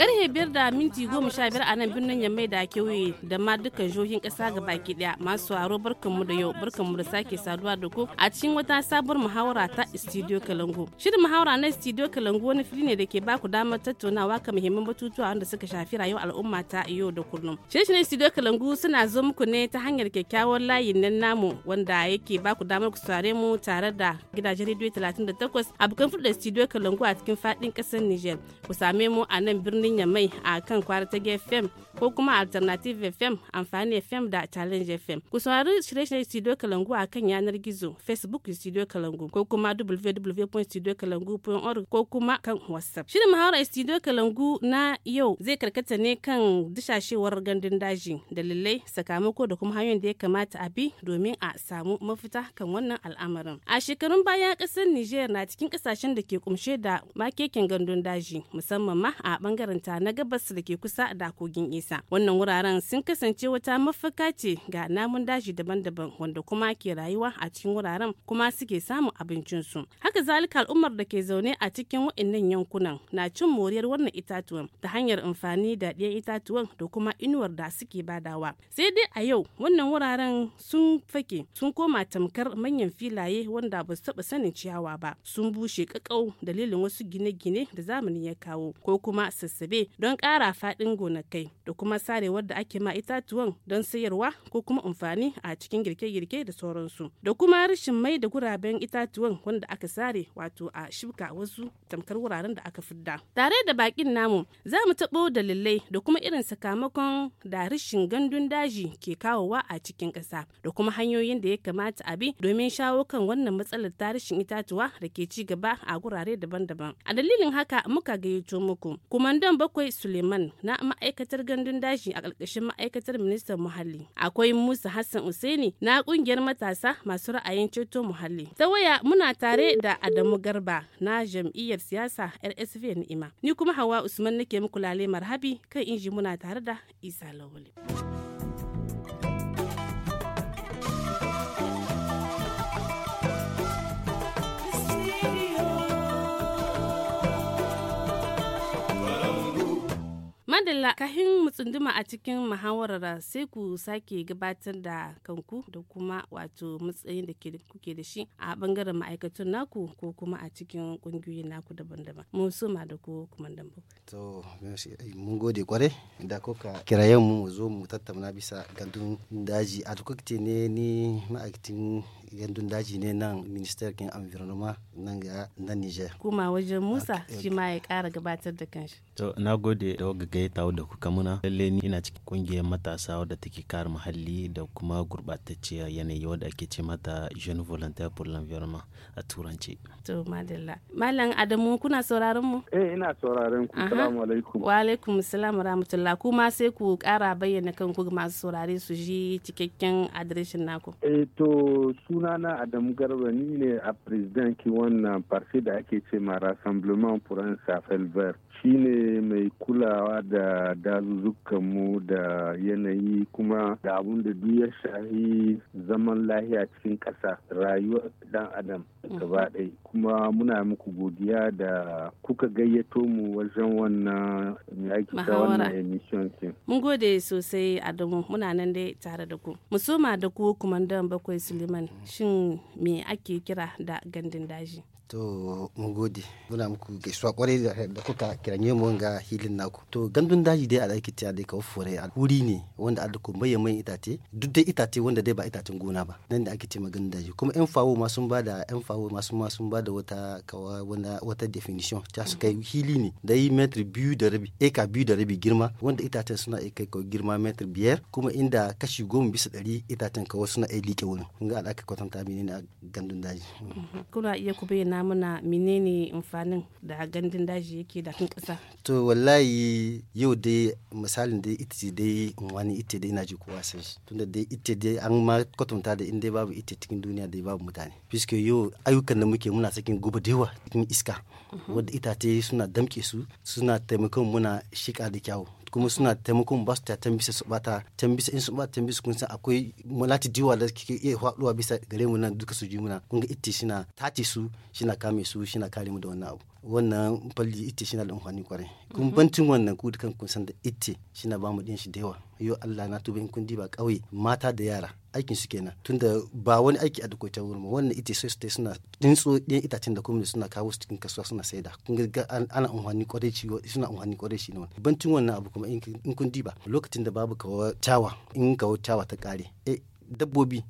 karfe biyar da minti goma sha biyar a nan birnin yammai da kewaye da ma dukkan jihohin kasa ga baki daya masu aro barkanmu da yau barkanmu da sake saduwa da ku a cikin wata sabuwar muhawara ta studio kalango shirin muhawara na studio kalango wani fili ne da ke baku damar tattaunawa kan muhimman batutuwa wanda suka shafi rayuwar al'umma ta yau da kullum shirin studio kalango suna zo muku ne ta hanyar kyakkyawan layin nan namu wanda yake baku damar ku saurare mu tare da gidajen rediyo 38 abokan fulɗar studio kalangu a cikin fadin kasar niger ku same mu a nan birnin birnin mai a kan Kwartage FM ko kuma Alternative FM, Amfani FM da Challenge FM. Ku saurari shirye-shiryen Studio Kalangu a kan yanar gizo, Facebook Studio Kalangu ko kuma www.studiokalangu.org ko kuma kan WhatsApp. Shirin mahaura Studio Kalangu na yau zai karkata ne kan dishashewar gandun daji, dalilai, sakamako da kuma hanyoyin da ya kamata a bi domin a samu mafita kan wannan al'amarin. A shekarun baya kasar niger na cikin kasashen da ke kumshe da makekin gandun daji musamman ma a bangaren makaranta na gabas da ke kusa da kogin isa wannan wuraren sun kasance wata mafaka ce ga namun daji daban-daban wanda kuma ke rayuwa a cikin wuraren kuma suke samun abincinsu haka zalika al'ummar da ke zaune a cikin waɗannan yankunan na cin moriyar wannan itatuwan ta hanyar amfani da ɗiyan itatuwan da kuma inuwar da suke badawa sai dai a yau wannan wuraren sun fake sun koma tamkar manyan filaye wanda ba su taɓa sanin ciyawa ba sun bushe kakau dalilin wasu gine-gine da zamani ya kawo ko kuma sassabi azabe don ƙara faɗin gonakai da kuma sarewar da ake ma itatuwan don sayarwa ko kuma amfani a cikin girke-girke da sauransu da kuma rashin mai da guraben itatuwan wanda aka sare wato a shibka wasu tamkar wuraren da aka fidda tare da bakin namu za mu taɓo dalilai da kuma irin sakamakon da rashin gandun daji ke kawowa a cikin ƙasa da kuma hanyoyin da ya kamata a bi domin shawo kan wannan matsalar ta rashin itatuwa da ke ci gaba a gurare daban-daban a dalilin haka muka gayyato muku kuma Maryam Bakwai Suleiman na ma'aikatar gandun daji a ƙarƙashin ma'aikatar ministan muhalli. Akwai Musa Hassan Usaini na ƙungiyar matasa masu ra'ayin ceto muhalli. Ta waya muna tare da Adamu Garba na jam'iyyar siyasa RSV Ni'ima. Ni kuma Hawa Usman nake muku lale marhabi kan inji muna tare da Isa lawule. Madalla kahin mu tsunduma a cikin muhawarar sai ku sake gabatar da kanku da kuma wato matsayin da kuke da shi a bangaren ma'aikatun naku ko kuma a cikin kungiyoyin naku daban-daban. Mun ma da ku kuma dambo. To mun gode kwarai da kuka kira yau mu zo mu tattauna bisa gandun daji a ne ni ma'aikacin gandun daji ne nan minister kin environment nan ga nan Niger. Kuma wajen Musa shi ma ya kara gabatar da kanshi. To na gode da waga gaita da kuka muna lalle ni ina cikin kungiyar matasa wadda take kare muhalli da kuma gurbatacciyar yanayi wadda ake ce mata Jeune Volontaire pour l'Environnement a turanci. To madalla. Malam Adamu kuna sauraron mu? Eh ina sauraron ku. Assalamu alaikum. Wa alaikum assalam wa rahmatullah. Kuma sai ku kara bayyana kanku masu saurare su ji cikakken adireshin naku. Eh to su On Adamu Garba ni ne a président ki wannan ma Rassemblement pour un Sahel Vert. shine mai kulawa da dazuzzukanmu da yanayi kuma da abun da duk ya shahi zaman lahiya cikin ƙasa rayuwar dan adam gaba mhm. ɗaya kuma muna muku godiya da kuka gayyato mu wajen wannan ta wannan emission mun gode sosai adamu muna nan dai tare da ku mu soma da ku kumandan bakwai suleiman mhm. shin me ake kira da gandun daji To mu gode. Muna muku gaisuwa kwarai da kuka kiranye mu ga hilin naku. To gandun daji dai a daki ta dai kawo fure a wuri ne wanda Allah ko mai mai itace duk dai itace wanda dai ba itacen gona ba. Nan da ake ce gandun daji. Kuma yan fawo ma sun bada yan fawo ma sun ma sun bada wata kawa wanda wata definition ta su kai hili ne da yi metri biyu da rabi eka biyu da rabi girma wanda itacen suna kai ko girma metri biyar kuma inda kashi goma bisa ɗari itacen kawai suna ai liƙe wurin. Kun ga alaƙa kwatanta mini ne a gandun daji. Mhm. Kuna iya ku bayyana bayyana mana menene amfanin da gandun daji yake da kan kasa To wallahi yau dai misalin dai ita ce dai wani ita dai na ji kowa sai shi tunda dai ita dai an ma kwatanta da inda babu ita cikin duniya dai babu mutane. Fiske yau ayyukan da muke muna sakin guba da yawa cikin iska mhm. wadda itace suna damke su suna taimakon muna shika da kyawu. kuma suna taimakon ba su ta bisa su bata tan bisa in su bata tan bisa kun san akwai mulati diwa da kike iya faduwa bisa gare mu nan duka su ji muna kun ga itti shina tati su shina kame su shina kare mu da wannan abu wannan falli itti shina da amfani kwarai kun mhm. bantin wannan ku dukan kun san da itti shina ba mu din shi da yawa yo Allah na tuba in kun diba kauye mata da yara aikin su kenan tunda ba wani aiki a wata wurin wannan ita sai su suna tsuntsu ɗin itacen da kuma suna kawo su cikin kasuwa suna saida kun ga ana amfani kwarai suna amfani kwarai shi ne bancin wannan abu kuma in kun diba lokacin da babu kawo cawa in kawo cawa ta kare eh dabbobi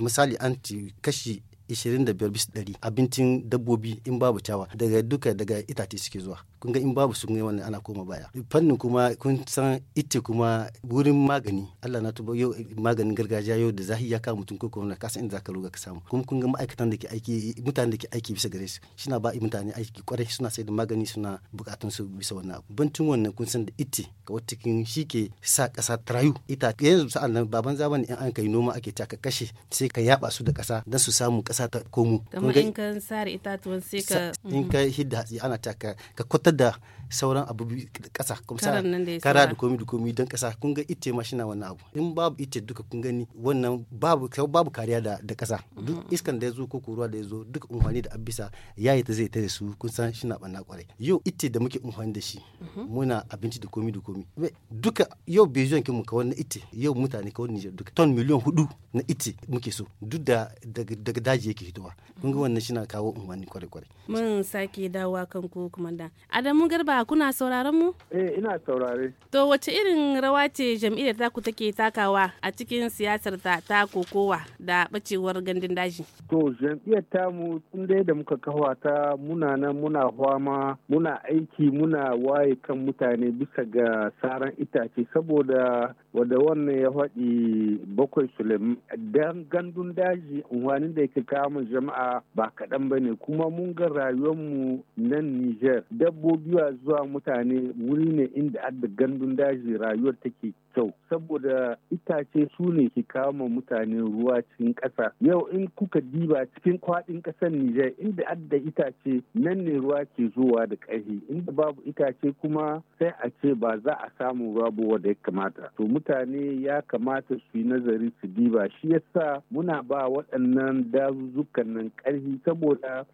misali an ci kashi 25 bisa 100 abincin dabbobi in babu cawa daga duka daga itace suke zuwa kun ga in babu su ne wannan ana koma baya fannin kuma kun san ita kuma wurin magani Allah na tuba yau maganin gargajiya yau da zahi ya kama mutum ko kuma ka san inda ka ruga ka samu kuma kun ga ma'aikatan da ke aiki mutanen da ke aiki bisa gare su suna ba mutane aiki kwarai suna sai da magani suna bukatun su bisa wannan abu bantun wannan kun san da ita ka wata kin shike sa kasa tarayu ita yanzu sa'an nan baban zaman in an kai noma ake ta ka kashe sai ka yaba su da kasa dan su samu kasa ta komo kamar in ka sare itatuwan sai ka in ka mm-hmm. hidda hatsi ana ta ka kwatar da sauran abu kasa kumsa kara da komi da komi don kasa kun ga ite ma shina wannan abu in babu ite duka kun gani wannan babu babu kariya da da kasa duk iskan da ya zo ko kuruwa da ya zo duka umfani da abisa yayi ta zai ta da su kun san shina banna kwarai yau ite da muke umfani da shi mm-hmm. muna abinci da komi da komi duka yau bejiyon kin mu ka wannan ite yau mutane ka wannan duka ton miliyan hudu na ite muke so duk da daga daji yake hitowa kun ga wannan shina kawo umfani kwarai kwarai mun sake dawowa kan ku kuma da Adamu Garba kuna sauraron mu? Eh ina saurare. To wace irin rawa ce jam'iyyar taku take takawa a cikin siyasar ta ta kokowa da bacewar gandun daji? To jam'iyyar ta mu tun dai da muka kawa ta muna nan muna hwama muna aiki muna waye kan mutane bisa ga saran itace saboda wadda wannan ya faɗi bakwai suleiman dan gandun daji wani da yake kamun jama'a ba kaɗan ba ne kuma mun ga mu nan niger dabbobi zuwa mutane wuri ne inda adda gandun daji rayuwar take kyau saboda itace su ne ke kama mutane ruwa cikin ƙasa yau in kuka diba cikin kwaɗin ƙasar Nijar inda adda itace nan ne ruwa ke zuwa da ƙarfi inda babu itace kuma sai a ce ba za a samu ruwa ba wanda ya kamata to mutane ya kamata su yi nazari su diba shi yasa muna ba waɗannan dazuzzukan nan ƙarfi saboda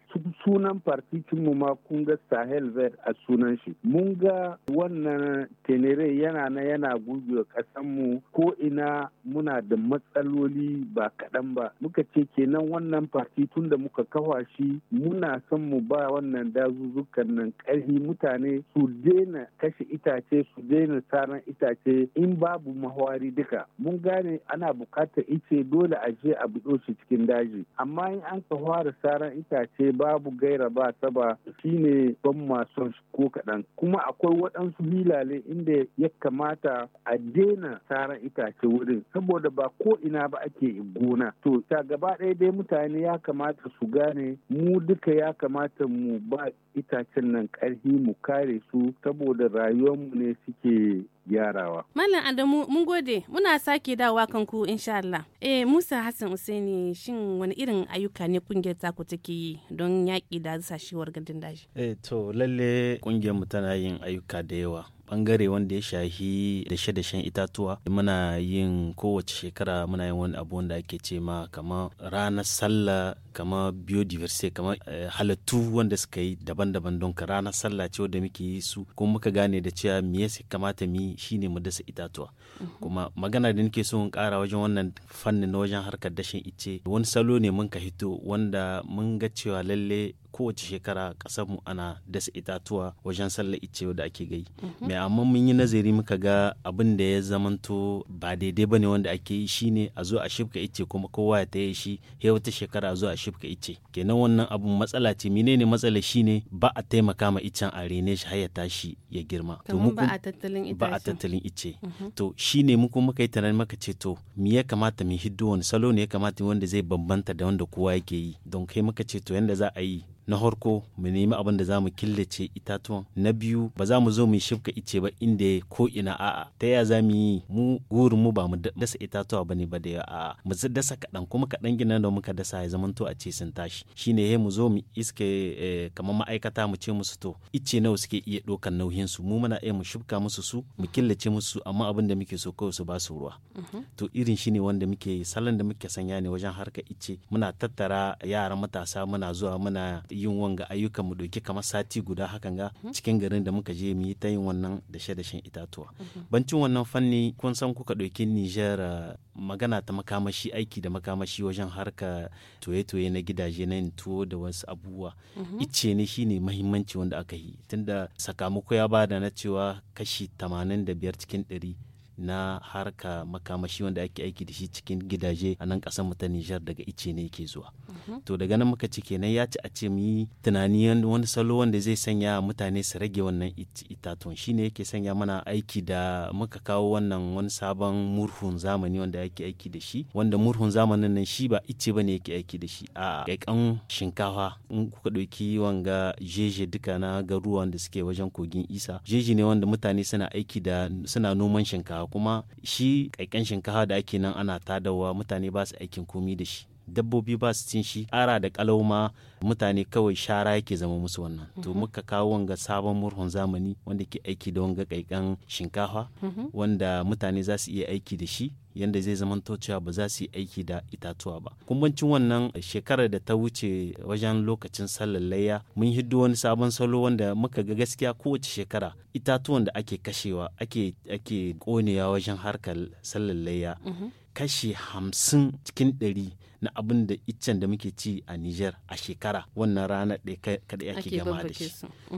sunan partikin mu ma kun ga Sahel Verde a sunan shi mun ga wannan tenere yana na yana gujewa mu ko ina muna da matsaloli ba kaɗan ba muka ce kenan wannan farti tun da muka kawa shi muna son mu ba wannan dazuzzukan nan ƙarfi mutane su daina kashe itace su daina saran itace in babu mahawari duka mun gane ana buƙatar ice dole a je a buɗo shi cikin daji amma in an ka fara saran itace babu gaira ba saba shine ban ko kaɗan kuma akwai waɗansu hilale inda ya kamata a je daina saran itace wurin saboda ba ko ina ba ake gona to ta gaba ɗaya dai mutane ya kamata su gane mu duka ya kamata mu ba itacen nan ƙarfi mu kare su saboda rayuwarmu ne suke gyarawa. Malam Adamu mun gode muna sake dawowa ku insha Allah. Eh Musa Hassan Usaini shin wani irin ayyuka ne kungiyar taku take yi don yaƙi da sashewar gandun daji? Eh to lalle kungiyar mu tana yin ayyuka da yawa bangare wanda ya shahi dashe-dashen itatuwa muna yin kowace shekara muna yin wani abu wanda ake ce ma kama ranar sallah kama biodiversity kama eh, halittu wanda suka yi daban-daban don ka ranar sallah ce wanda muke yi su kuma muka gane da cewa me ya kamata mu shine mu dasa itatuwa mhm. kuma magana da nake so in kara wajen wannan fannin na wajen harkar dashen ice wani salo ne mun ka hito wanda mun ga cewa lalle kowace shekara kasar mu ana dasa itatuwa wajen sallar ice da ake gai mai mhm. amma mun yi nazari muka ga abin da ya zamanto ba daidai bane wanda ake yi shine a zo a shifka ice kuma kowa ya taya shi he wata shekara a zo a shifka ice kenan wannan abu matsala ce menene matsala shine ba a taimaka ma icen a rene shi har ya tashi ya girma to mu ba a tattalin ba a tattalin ice mhm. to shine mu kuma kai tunanin maka ce to me ya kamata mu hiddo wani salo ne ya kamata wanda zai bambanta da wanda kowa yake yi don kai maka ce to yanda za a yi na harko mu nemi abin da za mu killace itatuwan na biyu ba za mu zo mu shifka ice ba inda ko ina a'a ta ya za mu yi mu gurin mu ba mu dasa itatuwa ba ne ba da a'a mu dasa kaɗan kuma kaɗan gina da muka dasa ya zamanto a ce sun tashi shine he mu zo mu iske eh, kamar ma'aikata mu ce musu to ice nawa suke iya ɗaukan nauyin su mu muna iya mu shifka musu su mu killace musu amma abin da muke so kawai su ba su ruwa mm-hmm. to irin shine wanda muke salon da muke sanya ne wajen harka ice muna tattara yaran matasa muna zuwa muna yin wanga ayyukan mu ɗauki kamar sati guda hakan ga mhm. cikin garin da muka je mu yi ta yin wannan dashe-dashen itatuwa mhm. bancin wannan fanni kun san kuka ɗauki Niger ah, magana ta makamashi aiki da makamashi wajen harka toye-toye na gidaje na tuwo da wasu abubuwa mhm. ice ne shine mahimmanci wanda aka yi tunda sakamako ya bada na cewa kashi 85 cikin 100 na harka makamashi wanda ake aiki da shi cikin gidaje a nan ƙasar mu ta Nijar daga ice ne yake zuwa. Mhm. To daga nan muka ci kenan ya ci a ce mu yi tunani wani salo wanda zai sanya mutane su rage wannan itatuwan shine yake sanya mana aiki da muka kawo wannan wani sabon murhun zamani wanda yake aiki da shi wanda murhun zamanin nan shi ba ice bane yake aiki da shi a ƙaiƙan shinkafa in kuka ɗauki wanga jeje duka na garuruwan da suke wajen kogin isa jeje ne wanda mutane suna aiki da suna noman shinkafa kuma shi ƙaiƙen shinkafa da ake nan ana tadawa mutane ba su aikin komi da shi dabbobi ba su cin shi ara da kalauma mutane kawai shara yake zama musu wannan to mhm. muka kawo wanga sabon murhun zamani wanda ke aiki da wanga kaikan shinkafa mhm. wanda mutane za su iya aiki da shi yanda zai zama cewa ba za su yi aiki da itatuwa ba kumbancin wannan shekarar da ta wuce wajen lokacin sallar layya mun hiddo wani sabon salo wanda muka ga gaskiya kowace shekara itatuwan da ake kashewa ake ake konewa wajen harkar sallar layya mhm. kashi hamsin cikin ɗari na abin da iccen da muke ci a Niger a shekara wannan rana ɗaya kaɗai ake gama da shi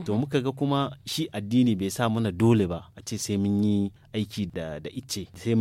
to mhm. muka ga kuma shi addini bai sa mana dole ba a ce sai mun yi aiki da da ice sai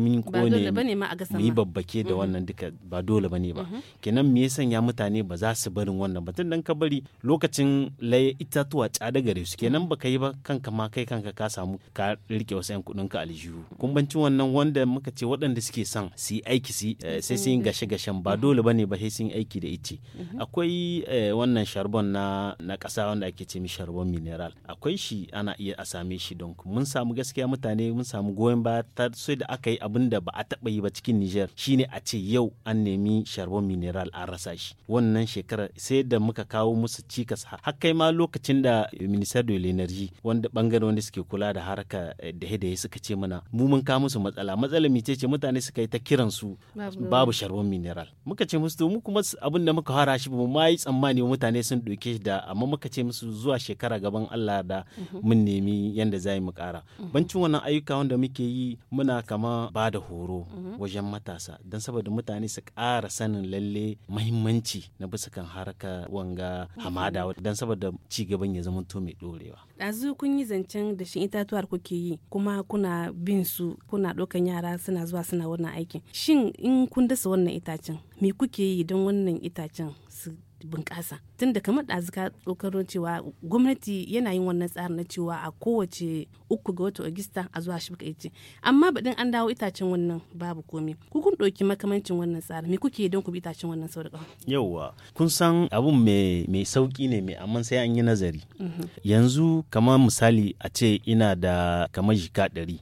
mun kone mu yi babbake da mhm. wannan duka ba dole bane ba mhm. kenan me ya sanya mutane ba za su barin wannan ba tun dan ka bari lokacin laye itatuwa da gare su kenan baka yi ba kanka ma kai kanka ka samu ka rike wasu yan kudin ka aljihu kumbancin wannan wanda muka ce waɗanda suke son su yi aiki su eh, sai sun mhm. gashe gashen ba dole bane ba sai sun aiki da ice akwai eh, wannan sharbon na na ƙasa wanda ake ce mi sharbon mineral akwai shi ana iya a same shi don mun samu gaskiya mutane mutane mun samu goyon baya ta sai da aka yi abin da ba a taɓa yi ba cikin Niger shine a ce yau an nemi sharbon mineral an rasa shi wannan shekarar sai da muka kawo musu cikas har kai ma lokacin da minister de energy wanda bangare wanda suke kula da harka eh, da hede suka ce mana mu mun kawo musu matsala matsala mi ce mutane suka yi ta kiran su babu sharbon mineral muka ce musu to mu kuma abin da muka fara shi ba mu yi tsammani mutane sun ɗauke shi da amma muka ce musu zuwa shekara gaban Allah da mhm. mun nemi yanda za mu kara mhm. bancin wannan ayyuka wanda muke yi muna kama ba da horo wajen matasa don saboda mutane su ƙara sanin lalle mahimmanci na bisa kan haraka wanga hamada don saboda ci gaban ya zama to mai dorewa. Ɗazu kun yi zancen da shi itatuwar kuke yi kuma kuna bin su kuna ɗaukan yara suna zuwa suna wannan aikin. Shin in kun dasa wannan itacen me kuke yi don wannan itacen su bunƙasa tun da kamar ɗazuka tsokaron cewa gwamnati yana yin wannan tsarin na cewa a kowace uku ga wata ogista a zuwa shi bukaici amma baɗin an dawo itacen wannan babu komi ku kun ɗauki makamancin wannan tsarin me kuke don ku bi itacen wannan sau da yauwa kun san abun mai sauƙi ne mai amma sai an yi nazari mhm. yanzu kamar misali a ce ina da kamar jika ɗari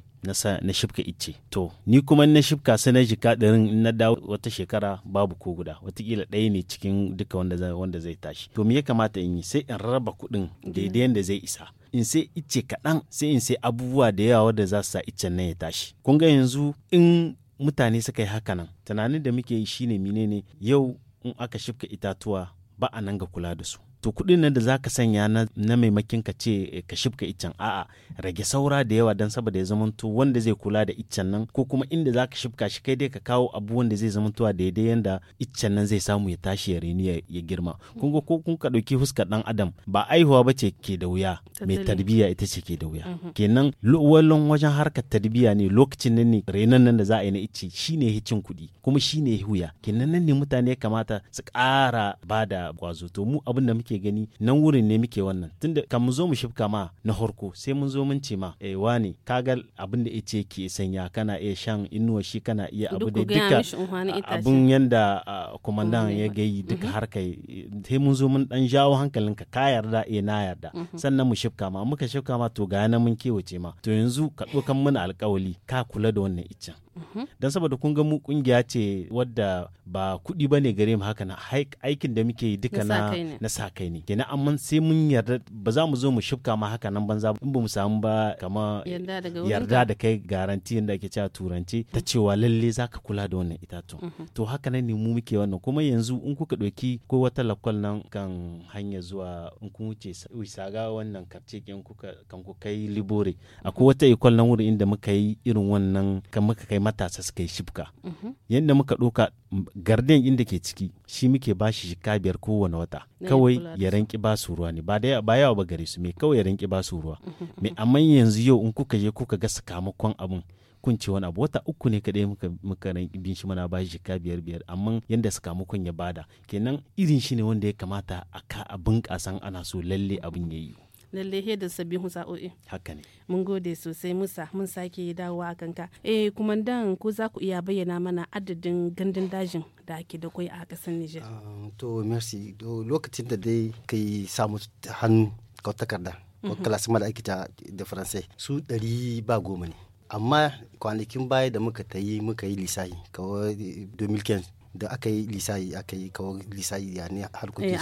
na shifka icce to ni kuma na shifka sai na jika ɗarin na dawo wata shekara babu ko guda watakila ɗaya ne cikin duka wanda zai tashi to me ya kamata in yi sai in raba kuɗin daidai yanda zai isa in sai icce kaɗan sai in sai abubuwa da yawa da za su sa iccen nan ya tashi kun ga yanzu in mutane suka yi haka nan tunanin da muke yi shine menene yau in aka shifka itatuwa ba a nan ga kula da su to kuɗin nan da za ka sanya na maimakin ka ce eh, ka shifka iccen a'a rage saura da yawa don saboda ya zamanto wanda zai kula da iccen nan ko kuma inda za ka shifka shi kai dai ka kawo abu wanda zai zamanto a daidai yanda iccen nan zai samu ya tashi ya reni ya girma kun ga ko kun ka ɗauki huskar ɗan adam ba aihuwa ba ce ke da wuya mai tarbiyya ita ce ke da wuya mhm. kenan wallon wajen harkar tarbiyya ne lokacin nan ne renon nan da za a yi na icce shine hicin kuɗi kuma shine huya kenan nan ne mutane kamata su kara ba da gwazo to mu abin da muke muke gani nan wurin ne muke wannan tunda kan mu zo mu shifka ma na harko sai mun zo mun ce ma eh wani kaga abin da yace ke sanya kana iya shan inuwa shi kana iya abu da duka abun yanda komandan ya gayi duka mhm. har kai sai mun zo mun dan jawo hankalinka ka yarda eh na yarda mhm. sannan mu shifka ma muka shifka ma to ga na mun kewace ma to yanzu ka dokan mana alkawali ka kula da wannan iccen don saboda kun ga mu kungiya ce wadda ba kuɗi ba ne gare mu haka na aikin da muke yi duka na na sa kai ne kenan amma sai mun yarda ba za mu zo mu shifka ma haka nan banza in ba mu samu ba kama yarda da kai garanti da ake cewa turanci ta cewa lalle za ka kula da wannan itatuwan mm-hmm. to haka nan ne mu muke wannan kuma yanzu in kuka ɗauki ko wata lakwal nan kan hanya zuwa in kun wuce saga wannan karce kan ku kai libore akwai wata ikwal nan wuri inda muka yi irin wannan kan muka kai matasa suka yi shifka mhm. yadda muka ɗoka garden inda ke ciki shi muke ba shi shika biyar kowane wata kawai ya ranki ba su ruwa ne ba da ba yawa ba gare su me kawai ya ranki ba su ruwa mhm. me amma yanzu yau in kuka je kuka ga sakamakon abun kun ce wani abu wata uku ne kadai muka muka bin shi muna ba shi shika biyar biyar amma yadda sakamakon ya bada kenan irin shi ne wanda ya kamata a ka a bunƙasan ana so lalle abin ya yi lalle he da sabbin sa'o'i haka ne mun gode sosai musa mun sake dawowa a kanka. eh kuma dan ko za ku iya bayyana mana adadin gandun dajin da ake da kwai a kasar niger ah, to merci lokacin da dai kai samu hannu ka takarda ko kalasima mhm. da ake ta da faransai su ɗari ba goma ne amma kwanakin baya da muka ta yi muka yi lisayi kawai 2015 da aka yi lisayi aka yi kawo lisayi ya ne harkokin eh,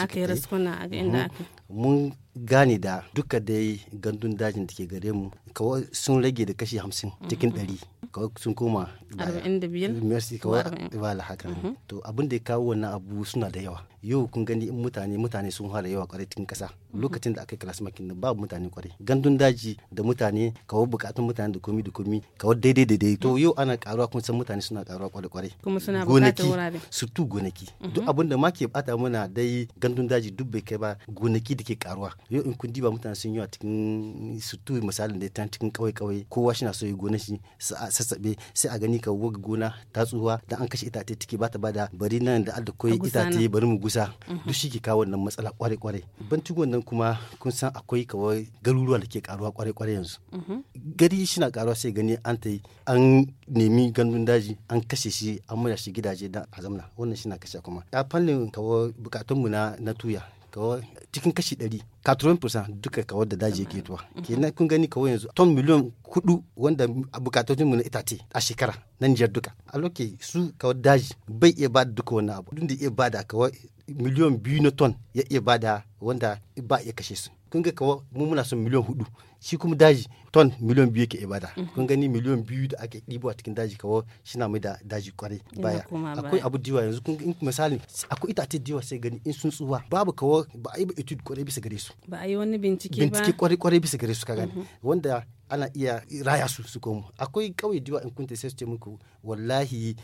inda kai mun gane da duka dai gandun dajin da ke gare mu kawai sun rage da kashi hamsin mm-hmm. cikin ɗari kawai sun koma 45 merci kawai ba haka mm-hmm. to abin da ya kawo wannan abu suna da yawa yau kun gani in mutane mutane sun hala yawa kwarai cikin kasa lokacin da aka yi class makin babu mutane kwarai gandun daji da mutane kawo bukatun mutane da komi da komi kawo daidai daidai to yau ana karuwa kun san mutane suna karuwa kwarai kwarai kuma suna bukatar wurare tu gonaki mhm. duk abin da ma ke bata muna dai gandun daji duk bai kai ba gonaki da ke karuwa yau in kun diba mutane sun yawa cikin tu misalin da ta cikin kawai kawai kowa shi na so ya gona a sassabe sai a gani ka wuga gona ta tsuwa dan an kashe itace take bata bada bari nan da alda koyi itace bari mu gusa kusa duk shi ke kawo wannan matsala kware-kware banci wannan kuma kun san akwai kawai garuruwa da ke karuwa kware-kware yanzu mhm. gari shi na karuwa sai gani an ta an nemi gandun daji an kashe shi an mura shi gidaje da azamna wannan shi na kashe kuma a fannin kawai bukatunmu na tuya kawai cikin kashi ɗari katurwen fusa duka kawai da daji yake tuwa kenan kun gani kawai yanzu ton miliyan kudu wanda bukatocin mu na itace a shekara na Nijar duka a loke su kawai daji bai iya ba duka wani abu duk da iya bada kawai miliyan biyu na ton ya iya bada wanda ba iya kashe su kun ga kawai mu muna son miliyan hudu shi kuma daji ton miliyan biyu ke ibada kun gani miliyan biyu da ake ɗibo a cikin daji kawo shi na mai da daji kwarai baya akwai abu diwa yanzu kun in misali akwai itace diwa sai gani in sun tsuwa babu kawo ba a yi ba etude kwarai bisa gare su ba a yi wani bincike ba bincike kwarai kwarai bisa gare su ka gani mhm. wanda ana iya raya su su komo akwai kawai diwa in kunta sai su ce muku wallahi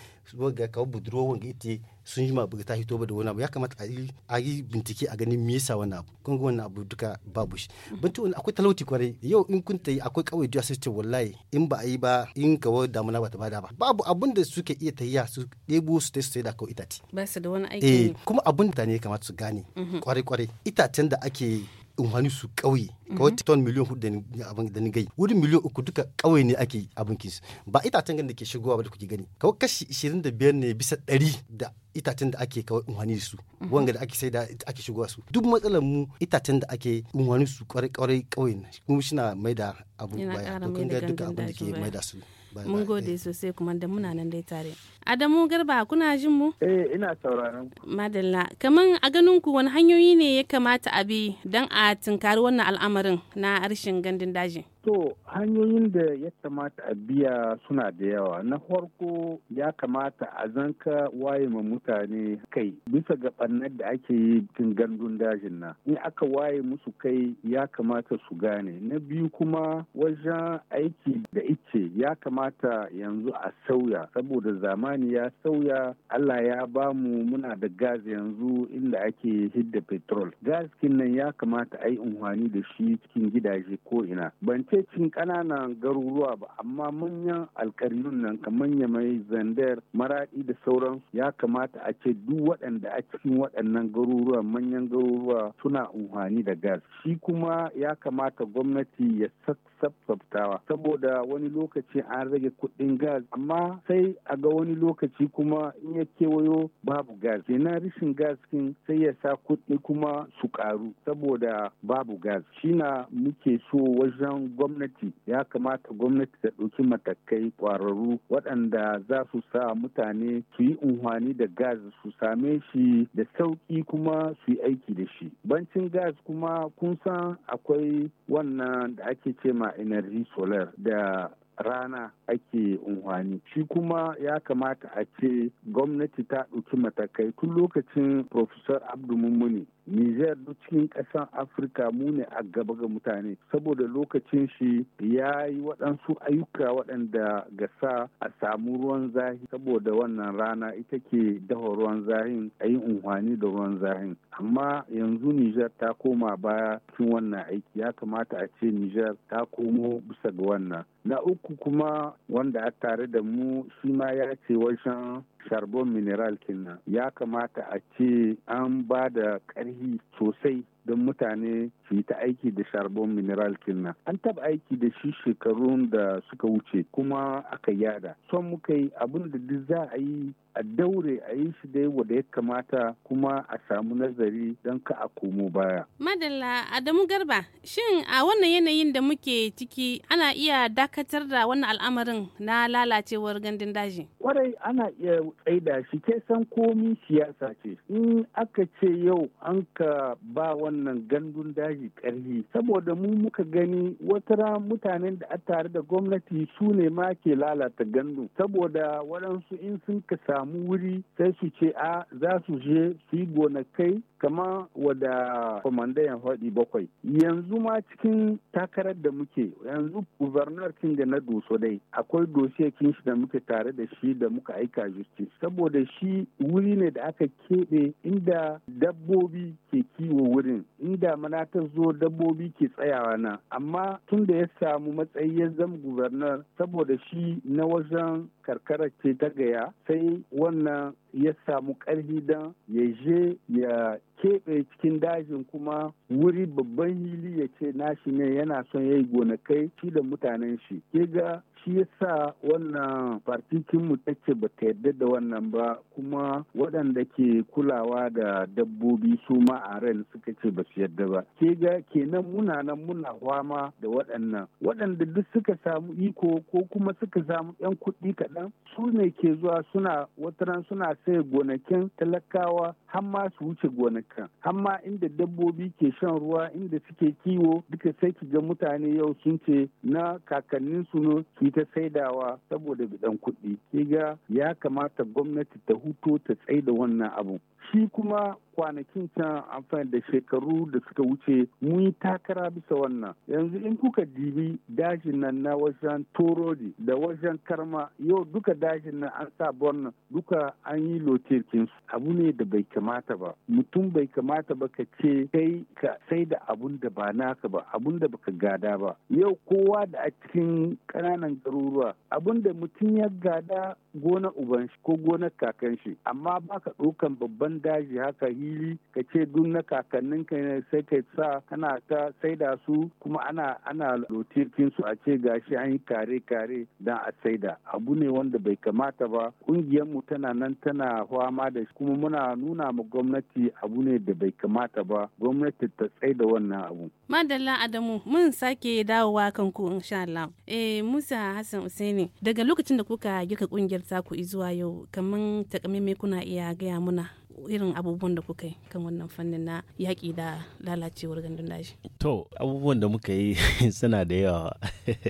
ga kawo budurwa wanga ita sun yi mabu ta hito ba da wani abu ya kamata a yi bintike a ganin me yasa wani abu kun ga wannan abu duka babu shi bintu wani akwai talauci kwarai yau in kunta yi akwai kawai diwa sai su ce wallahi in ba a yi ba in kawo damuna ba ta bada ba babu abun da suke iya ta tahiya su ɗebo su ta su sai da kawai itace ba su da wani aiki eh, kuma abun da ne kamata su gane mhm. kwarai kwarai itacen da ake unhani su mhm. ka wata ton miliyan hudu da ni gai wurin miliyan uku duka ƙauye ne ake abin kinsu ba itacen gani da ke shigowa ba da kuke gani kawai kashi ishirin da biyar ne bisa ɗari da itacen da ake kawai unhani su mhm. wanga da ake sai da ake shigowa su duk matsalar mu itacen da ake unhani su kwarai kwarai ƙauye ne kuma shina mai da abu baya to kan duka abin da ke mai da su mun gode eh. sosai kuma da muna nan dai tare Adamu Garba kuna jin mu? Eh ina sauraron. Madalla, kaman a ganin ku wani hanyoyi ne ya kamata a bi don a tunkari wannan al'amarin na arshin gandun daji? To hanyoyin da ya kamata a biya suna da yawa. Na farko ya kamata a zanka waye ma mutane kai bisa ga ɓannar da ake yi tun gandun dajin na In aka waye musu kai ya kamata su gane. Na biyu kuma wajen aiki da ice ya kamata yanzu a sauya saboda zamani zamani ya sauya Allah ya ba mu muna da gas yanzu inda ake hidda petrol gas kin nan ya kamata a yi unhwani da shi cikin gidaje ko ina ban ce cin ƙananan garuruwa ba amma manyan alƙaryun nan kamar mai zandar maraɗi da sauran ya kamata a ce duk waɗanda a cikin waɗannan garuruwa manyan garuruwa suna unhwani da gas shi kuma ya kamata gwamnati ya sassabtawa saboda wani lokaci an rage kuɗin gas amma sai a ga wani lokaci kuma in ya kewayo babu gas na rashin gas kin sai ya sa kuɗi kuma su ƙaru saboda babu gas shi na muke so wajen gwamnati ya kamata gwamnati ta ɗauki matakai ƙwararru waɗanda za su sa mutane su yi unhwani da gas su same shi da sauƙi kuma su yi aiki da shi bancin gas kuma kun san akwai wannan da ake ce ma energy solar da rana ake unhwani shi kuma ya kamata a ce gwamnati ta ɗauki matakai tun lokacin professor abdu mummuni Nijar duk cikin ƙasar Afirka mu ne a gaba ga mutane saboda lokacin shi ya yi waɗansu ayyuka waɗanda ga sa a samu ruwan zahi saboda wannan rana ita ke dafa ruwan zahin a yi unhwani da ruwan zahin. Amma yanzu Nijar ta koma baya cikin wannan aiki ya kamata a ce Nijar ta komo bisa ga wannan. Na uku kuma wanda a tare da mu shi ma ya ce wajen charbon mineral kenan ya kamata a ce an ba da ƙarhi sosai don mutane su yi ta aiki da sharbon mineral kinna an taba aiki da shi shekarun da suka wuce kuma aka yada son muka yi abin da duk za a yi a daure a yi shi dai wanda ya kamata kuma a samu nazari don ka a komo baya. Madalla Adamu Garba, shin a wannan yanayin da muke ciki ana iya dakatar da wannan al'amarin na lalacewar gandun daji? Kwarai ana iya tsaida shi ke san komi siyasa ce. In aka ce yau an ka ba wannan gandun daji ƙarfi saboda mu muka gani wata mutanen da a tare da gwamnati su ne ma ke lalata gandu saboda waɗansu in sun ka samu wuri sai su ce a za su je su yi gonakai kamar wada komanda ya faɗi bakwai yanzu ma cikin takarar da muke yanzu gubernar kin da na doso dai akwai dosiye kin shi da muke tare da shi da muka aika justice saboda shi wuri ne da aka keɓe inda dabbobi ke kiwo wurin inda mana ta zo dabbobi ke tsayawa na amma tun da ya samu matsayi ya zama gubernar saboda shi na wajen karkara ce ta gaya sai wannan ya samu ƙarfi don ya je ya keɓe cikin dajin kuma wuri babban hili ya ce nashi ne yana son ya yi gonakai shi da mutanen shi ga shi ya sa wannan partikin mu tace ba ta yarda da wannan ba kuma waɗanda ke kulawa da dabbobi su ma a ran suka ce ba su yarda ba ke ga kenan muna nan muna hwama da waɗannan waɗanda duk suka samu iko ko kuma suka samu yan kuɗi kaɗan su ne ke zuwa suna wataran suna sai gonakin talakawa har su wuce gonakan har inda dabbobi ke shan ruwa inda suke kiwo duka sai ki ga mutane yau sun ce na kakannin su ne su ta saidawa saboda bidan kuɗi kiga ya kamata gwamnati ta huto ta tsaida wannan abu shi kuma kwanakin can amfani da shekaru da suka wuce mun yi takara bisa wannan yanzu in kuka dibi dajin nan na wajen torodi da wajen karma yau duka dajin nan an sa borno duka an yi lotirkin abu ne da bai kamata ba mutum bai kamata ba ka ce kai ka sai da abun da ba naka ba abun da baka gada ba yau kowa da a cikin ƙananan garuruwa abun da mutum ya gada gona uban shi ko gonar kakan shi amma baka ɗaukan babban daji haka hili ka ce duk na kakannin ka ne sai ka sa kana ta saida su kuma ana ana lotirkin su a ce gashi an yi kare kare dan a saida abu ne wanda bai kamata ba kungiyar mu tana nan tana fama da shi kuma muna nuna ma gwamnati abu ne da bai kamata ba gwamnati ta tsaida wannan abu madalla adamu mun sake dawowa kan ku insha Allah eh Musa Hassan Usaini daga lokacin da kuka ka kungiyar ta ku zuwa yau kamar takamaimai kuna iya gaya muna irin abubuwan da kuka yi kan wannan fannin na yaƙi da lalacewar gandun daji? To, abubuwan da muka yi suna da yawa.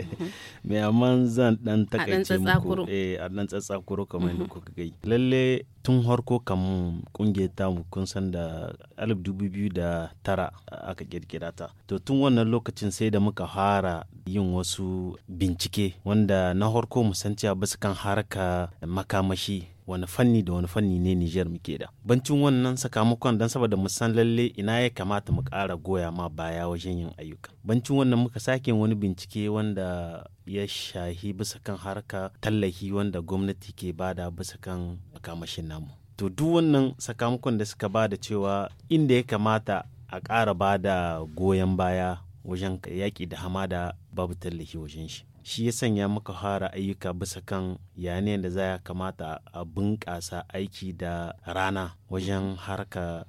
Me amma zan dan takaice muku eh, a dan tsatsakuro kamar yadda mhm. kuka gai. Lalle tun harko kamun ta tamu kun san da alif dubu biyu da tara aka kirkira ta. To tun wannan lokacin sai da muka fara yin wasu bincike wanda na harko mu san cewa basu kan harka makamashi wani fanni da wani fanni ne Nijar muke da. Bancin wannan sakamakon don saboda mu san lalle ina ya kamata mu kara goya ma baya wajen yin ayyuka. Bancin wannan muka sake wani bincike wanda ya shahi bisa kan harka tallahi wanda gwamnati ke bada bisa kan makamashin namu. To duk wannan sakamakon da suka bada cewa inda ya kamata a ƙara bada goyon baya wajen yaƙi da hamada babu tallahi wajen shi. shi ya sanya muka fara ayyuka bisa kan yanayin da za ya kamata a bunƙasa aiki da rana wajen harka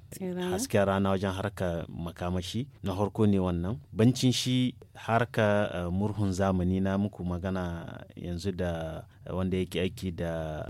hasken rana wajen harka makamashi na harko ne wannan bancin shi harka eh, murhun zamani na muku magana yanzu da wanda yake aiki da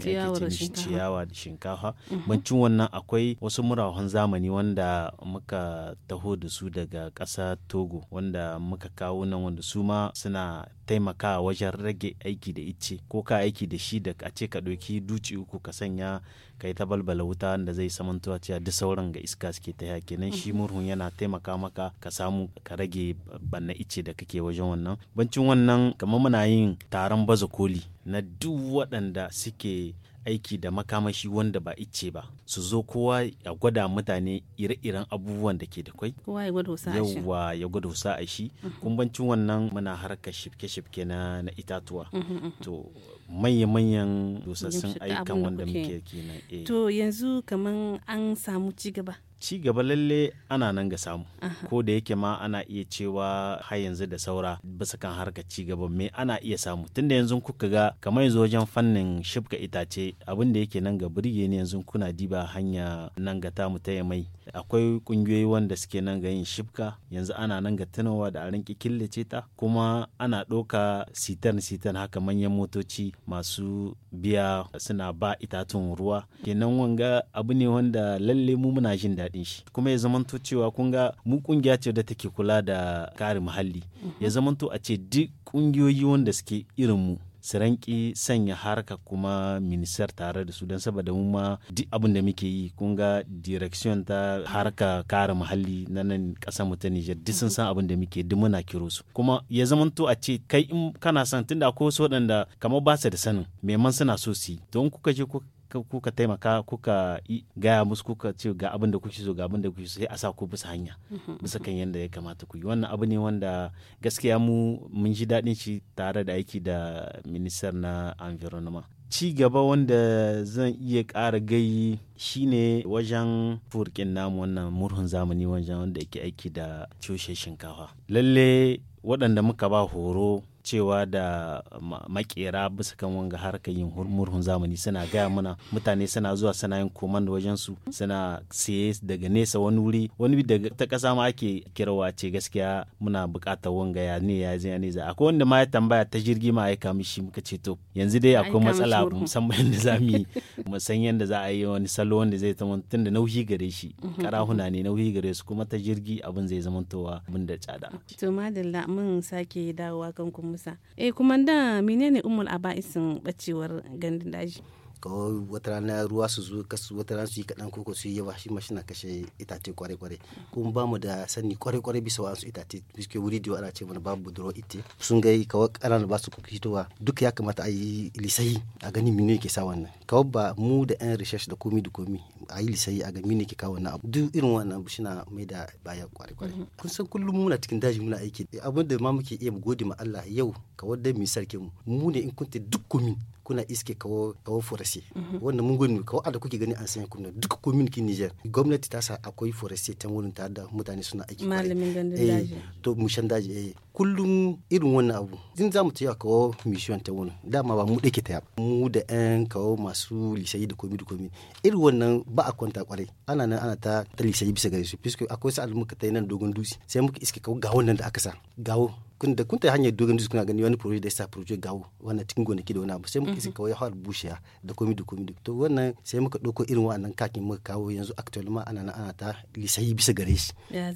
ciyawa da shinkafa mhm. bancin wannan akwai wasu murahun zamani wanda muka taho da su daga ƙasa togo wanda muka kawo nan wanda su ma suna taimaka a wajen rage aiki da icce ko ka aiki da shi da a ce ka ɗauki duci uku ka sanya ka yi ta balbala wuta wanda zai samantowa cewa duk sauran ga iska suke ta kenan shi mhm. murhun yana taimaka maka ka samu ka rage banna icce da kake wajen wannan bancin wannan kamar muna yin taron baza koli na duk waɗanda suke aiki da makamashi wanda ba ice ba su zo kowa ya gwada mutane ire-iren abubuwan da ke da kwai gwada yauwa ya gwada sa a shi mhm. kumbancin wannan muna harkar shifke-shifke na itatuwa mhm, mhm, to manya-manyan dosassun aikan wanda muke kenan eh. to yanzu kamar an samu ci gaba ci gaba lalle ana nan ga samu ko da yake ma ana iya cewa har yanzu da saura bisa kan harkar ci gaba me ana iya samu tunda yanzu kuka ga kamar yanzu wajen fannin shifka itace abin da yake nan ga birge ne yanzu kuna diba hanya nan ga tamu ta yamai akwai kungiyoyi wanda suke nan ga yin shifka yanzu ana nan ga tunawa da a rinki killace ta kuma ana ɗauka sitan sitan haka manyan motoci masu biya suna ba itatun ruwa kenan wanga abu ne wanda lalle mu muna jin daɗi daɗin shi kuma ya zamanto cewa kun ga mu kungiya ce da take kula da kare muhalli ya zamanto a ce duk kungiyoyi wanda suke irin mu su ranki sanya harka kuma minisar tare da su don saboda mu ma duk abin da muke yi kun ga direction ta harka kare muhalli na nan ƙasar mu ta Niger duk sun san abin da muke duk muna kiro su kuma ya zamanto to a ce kai in kana san tunda akwai wasu waɗanda kamar ba su da sanin me suna so su yi don kuka je kuka kuka taimaka kuka gaya musu kuka ce ga abin da kuke so ga abin da kuke so sai a sa ku bisa hanya mm-hmm. bisa kan yadda ya kamata ku yi wannan abu ne wanda gaskiya mu mun ji daɗin shi tare da aiki da minister na environment ci gaba wanda zan iya ƙara gayi shine wajen furkin namu wannan murhun zamani wajen wanda yake aiki da cushe shinkafa lalle waɗanda muka ba horo cewa da makera bisa kan wanga harkar yin murhun zamani suna gaya mana mutane suna zuwa suna yin koman da wajen su suna siye daga nesa wani wuri wani daga ta kasa ma ake kirawa ce gaskiya muna bukatar wanga ya ne ya zai ne za akwai wanda ma ya tambaya ta jirgi ma ya kama shi muka ce to yanzu dai akwai matsala musamman yadda za mu yi musan yadda za a yi wani salo wanda zai zama tunda nauyi gare shi mhm, mhm. karahuna ne nauyi gare su kuma ta jirgi abin zai towa abin da tsada. to madalla mun sake dawowa kan kuma musa eh kuma da menene umul aba'isin bacewar gandun daji kawai wata rana ruwa su zo kasu wata rana su yi kaɗan koko su yi yawa shi mashina kashe itace kware kware kuma ba mu da sani kware kware bisa su itace biske wuri da ana ce mana babu duro ite sun ga kawai ƙaran ba su hitowa duk ya kamata a yi lisayi a gani mino ke sa wannan kawai ba mu da yan research da komi da komi a yi lisayi a ga ne ke kawo wannan abu duk irin wannan abu shina mai da baya kwari kwari mhm. kun san kullum muna cikin daji muna aiki abin da ma muke iya mu gode ma Allah yau ka wadda misal ke mu mu ne in kunta duk kumin kuna iske kawo kawo forestier mhm. wanda mun gani kawo da kuke gani an sanya kuma duka ki Niger gwamnati ta sa akwai forestier tan wurin ta da mutane suna aiki malamin gandun eh, daji to mushan daji eh kullum irin wannan abu din za mu taya kawo mission ta wurin dama ba mu dake ta mu da ɗan kawo masu lisayi da komi da komi irin wannan ba a kwanta kwarai ana nan ana ta ta lisayi bisa gare su fiske akwai sa'ad muka ta nan dogon dusi sai muka iske kawo ga wannan da aka sa gawo kun da kun ta hanyar dogon dutse kuna gani wani proje da yasa proje gawo wannan cikin gonaki da wani abu sai muka mhm. isa kawai har bushiya da komi da komi to wannan sai muka ɗauko irin wa'annan kakin muka kawo yanzu aktuwal ma ana na ana ta lisayi bisa gare shi eh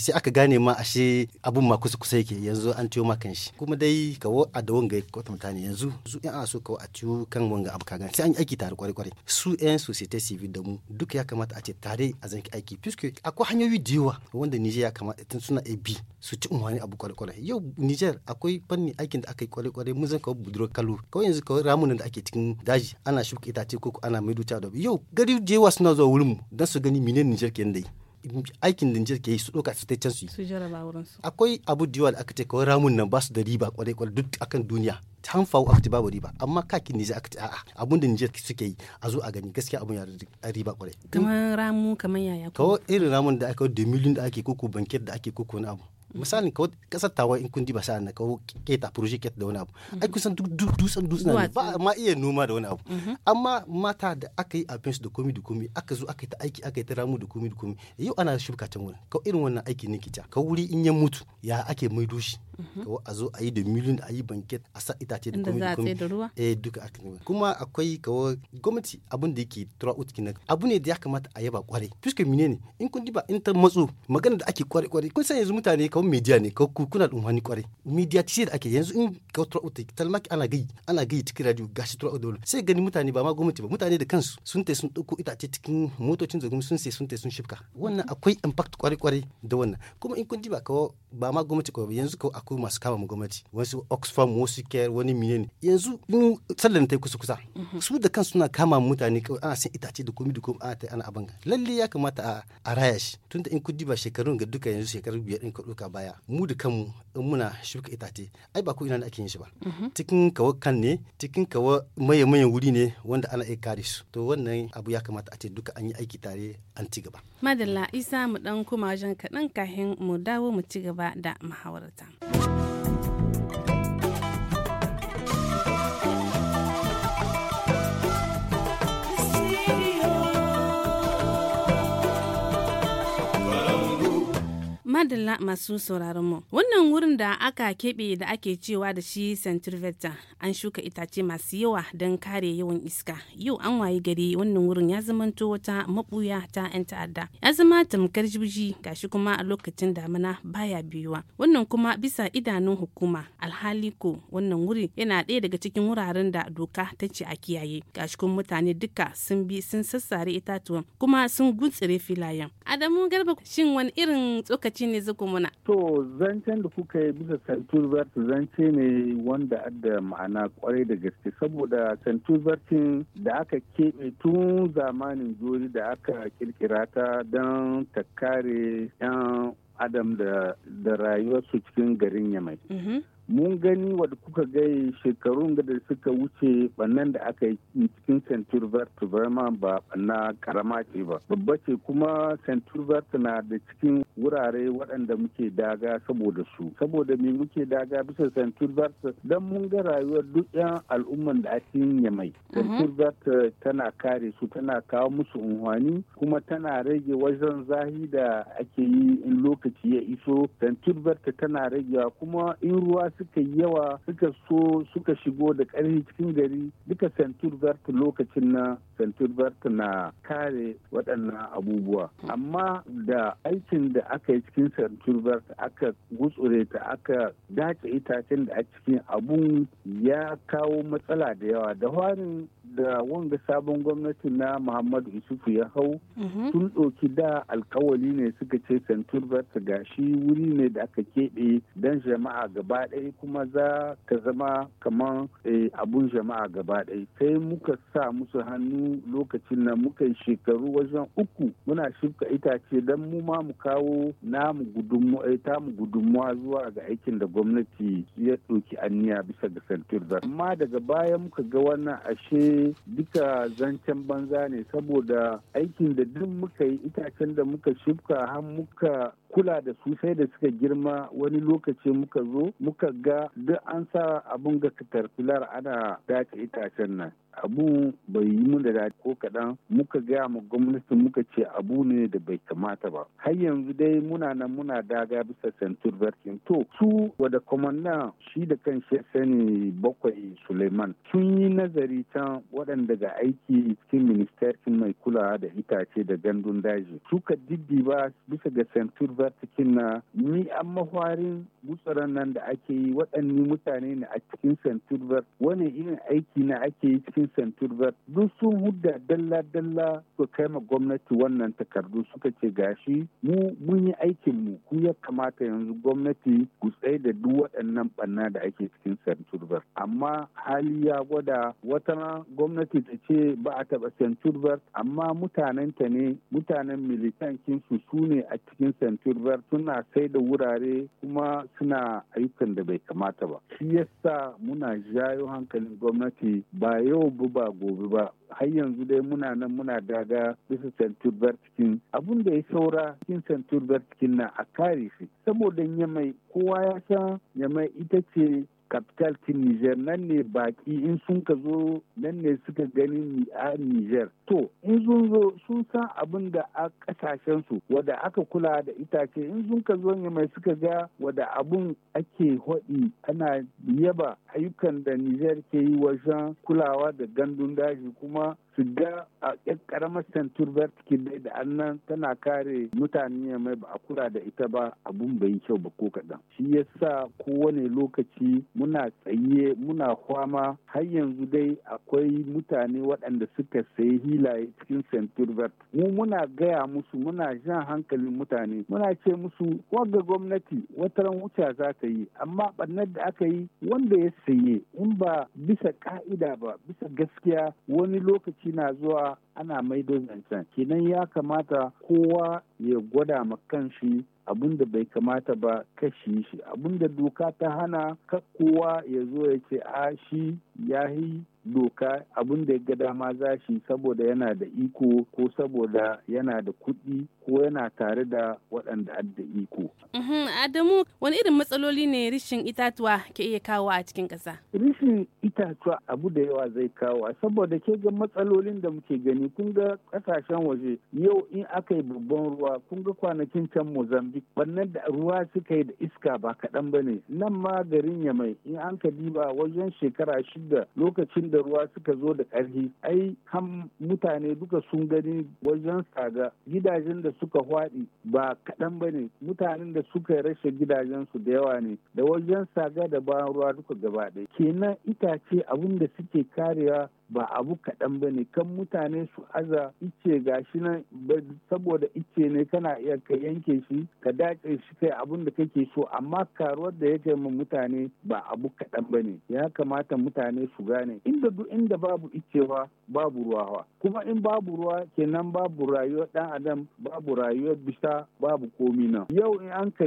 sai aka gane ma ashe abun ma kusa kusa yake yanzu an ciyo ma kan shi kuma dai kawo a da wanga kwatanta mutane yanzu su yan a so kawo a ciyo kan wanga abu kaga sai an yi aiki tare kwarai kwarai su yan societe civil da mu duka ya kamata a ce tare a zan aiki puisque akwai hanyoyi da yawa wanda Niger ya kamata tun suna a bi su ci umarni abu kwale-kwale yau niger akwai fanni aikin da aka yi kwale-kwale mun zan kawo budur kalu kawai yanzu kawai ramunan da ake cikin daji ana shuka itace ko ana mai duta da yau gari jewa suna zuwa wurinmu don su gani mine niger ke yanda aikin da ke yi su ɗauka su can su yi. Akwai abu da da aka ce kawai ramun nan ba su da riba kwale-kwale duk akan duniya. Ta hanfawo aka ba riba amma kakin Nijar aka ce a'a abun da Nijar suke yi a zo a gani gaskiya abun ya riba kwarai. Kamar ramu kamar yaya. Kawai irin ramun da aka yi da miliyan da ake koko bankir da ake koko na abu. misalin kawai kasar tawa in kun diba sa'an kawo keta proje keta da wani abu ai kun san dutsen dutsen ne ba ma iya noma da wani abu mhm. amma mata da aka yi abin su da komi da komi aka zo aka yi ta aiki aka yi ta ramu da komi da komi yau ana shuka can wurin kawai irin wannan aiki ne kita ka wuri in ya mutu ya ake maido shi mhm. kawai a zo a yi da miliyon a yi banket a sa itace da komi da komi eh duka aka nuna kuma akwai kawai gwamnati abin da yake tura utki na abu ne da ya kamata a yaba kwarai fiskar menene in kun diba in ta matso magana da ake kwarai kwarai kun san yanzu mutane kawai ko media ne ko ku kuna dun wani kware media ce da ake yanzu in ka tura uta talmaki ana gayi ana gayi cikin radio gashi tura uta sai gani mutane ba ma gwamnati ba mutane da kansu sun ta sun ɗauko itace cikin motocin zagum sun sai sun ta sun shifka wannan akwai impact kware kware da wannan kuma in kun ji ba kawai ba ma gwamnati ko yanzu kawai akwai masu kama mu gwamnati wasu oxfam wasu care wani menene yanzu in sallan tai kusa kusa mhm. su da kansu suna kama mutane kawai ana san itace da komi da komi ana ta ana abanga lalle ya kamata a raya shi tunda in kun ji ba shekarun ga duka yanzu shekaru biyar in ka ɗauka baya mu da kanmu in muna shuka itace ai ba ko ina da ake yin shi ba mhm. cikin kawa kan ne cikin kawa maye maye wuri ne wanda ana iya kare su to wannan abu ya kamata a ce duka an yi aiki tare an ci gaba madalla isa mu dan kuma wajen kaɗan kahin mu dawo mu ci gaba da muhawarta. madalla masu sauraron mu wannan wurin da aka keɓe da ake cewa da shi centrifugal an shuka itace masu yawa don kare yawan iska yau an wayi gari wannan wurin ya zamanto wata mabuya ta 'yan ta'adda ya zama tamkar jibji gashi kuma a lokacin damina baya biyuwa wannan kuma bisa idanun hukuma alhali ko wannan wuri yana ɗaya daga cikin wuraren da doka ta ce a kiyaye gashi kuma mutane duka sun bi sun sassare itatuwan kuma sun gutsire filayen adamu garba shin wani irin tsokaci ne zuku muna? To zancen da kuka yi bisa Santuzart zance ne wanda da ma'ana kwarai da gaske saboda Santuzartin da aka keɓe tun zamanin jori da aka kirkira ta don ta kare 'yan adam da rayuwarsu cikin garin yamai. Mm-hmm. mun gani wadda kuka gai shekarun da suka wuce bannan da aka yi cikin centurvert vraiment ba na karama ce ba babba ce kuma centurvert na da cikin wurare waɗanda muke daga saboda su saboda me muke daga bisa centurvert don mun ga rayuwar duk yan al'umman da ake yin mai mhm. centurvert tana kare su tana kawo musu unhwani kuma tana rage wajen zahi da ake yi in lokaci ya iso centurvert tana ragewa kuma in ruwa suka yawa suka so suka shigo da ƙarfi cikin gari duka centur zarta lokacin na centur zarta na kare waɗannan abubuwa amma da aikin da aka yi cikin centur zarta aka gutsure ta aka dace itacen da a cikin abun ya kawo matsala da yawa da harin da wanga sabon gwamnati na muhammadu isufu ya hau mm-hmm. sun ɗauki da alkawali ne suka ce centur zarta gashi wuri ne da aka keɓe don jama'a gaba ɗaya kuma za ka zama kamar eh, abun jama'a gaba ɗaya sai muka sa musu hannu lokacin nan muka yi shekaru wajen uku muna shifka itace don mu ma mu kawo namu gudunmuwa eh, tamu gudunmuwa zuwa ga aikin da gwamnati ya ɗauki anniya bisa ga santir amma daga baya muka ga wannan ashe duka zancen banza ne saboda aikin da duk muka yi itacen da muka shifka har muka kula da su sai da suka girma wani lokaci muka zo muka ga duk an sa abin ga tarfilar ana dace itacen nan abu bai yi mu da dadi ko kaɗan muka gaya ma gwamnati muka ce abu ne da bai kamata ba har yanzu dai muna nan muna daga bisa centur verkin to su wada kwamanna shi da kan shi sani bakwai suleiman sun yi nazari can waɗanda ga aiki cikin ministerkin mai kula da itace da gandun daji su ka diddi ba bisa ga centur verkin na ni an mahwarin gutsaran nan da ake yi waɗanne mutane ne a cikin centur wani irin aiki na ake yi cikin cikin centur ba duk sun hudda dalla-dalla su kai ma gwamnati wannan takardu suka ce gashi mu mun yi aikin mu ku ya kamata yanzu gwamnati ku tsaye da duk waɗannan ɓanna da ake cikin centur ba amma hali ya gwada wata gwamnati ta ce ba a taɓa centur ba amma mutanen ta ne mutanen kin su su ne a cikin santurbar ba suna sai da wurare kuma suna ayyukan da bai kamata ba shi yasa muna jayo hankalin gwamnati ba yau gobe ba gobe ba har yanzu dai muna nan muna daga bisa centur cikin abun da ya saura cikin centur cikin na a kare shi saboda yamai kowa ya san yamai ita ce capital kin Niger nan ne baki in sun ka zo nan ne suka gani a Niger. To in sun zo sun san abin da a kasashen su wada aka kula da itace in sun ka zo ne mai suka ga wada abun ake hodi ana yaba ayyukan da Niger ke yi wajen kulawa da gandun daji kuma su ga a ƙaramar santurbar dai da annan tana kare mutane mai ba a kula da ita ba abun bai kyau ba ko kaɗan shi yasa kowane lokaci muna tsaye muna kwama har yanzu dai akwai mutane waɗanda suka sayi hilaye cikin santurbar mu muna gaya musu muna jan hankalin mutane muna ce musu wagga gwamnati ran wuce za ta yi amma bannan da aka yi wanda ya saye in ba bisa ka'ida ba bisa gaskiya wani lokaci lokaci zuwa ana maido zancen kinan ya kamata kowa ya gwada ma shi abun da bai kamata ba kashi shi abun da doka ta hana kowa ya zo ya ce a shi ya yi doka abin da ga dama za shi saboda yana da iko ko saboda yana da kuɗi ko yana tare da waɗanda adda iko. Mhm, Adamu wani irin matsaloli ne rishin itatuwa ke iya kawo a cikin ƙasa? Rishin itatuwa abu da yawa zai kawo saboda ke ga matsalolin da muke gani kun ga ƙasashen waje yau in aka yi babban ruwa kun ga kwanakin can Mozambique wannan da ruwa suka yi da iska ba kaɗan ba ne nan ma garin Yamai in an ka diba wajen shekara shida lokacin da ruwa suka zo da ƙarfi ai kan mutane duka sun gani wajen saga. gidajen da suka hwaɗi ba kaɗan ba ne mutanen da suka rashe su da yawa ne da wajen saga da bayan ruwa duka gaba ɗaya kenan itace abin da suke karewa ba abu kaɗan ba ne kan mutane su aza ice shi nan saboda ice ne kana iya ka yanke shi ka dace shi kai abun da kake so amma karuwar da yake ma mutane ba abu kaɗan ba ne ya kamata mutane su gane inda duk inda babu icewa babu ruwa kuma in babu ruwa kenan babu rayuwar dan adam babu rayuwar bisa babu komi nan yau in an ka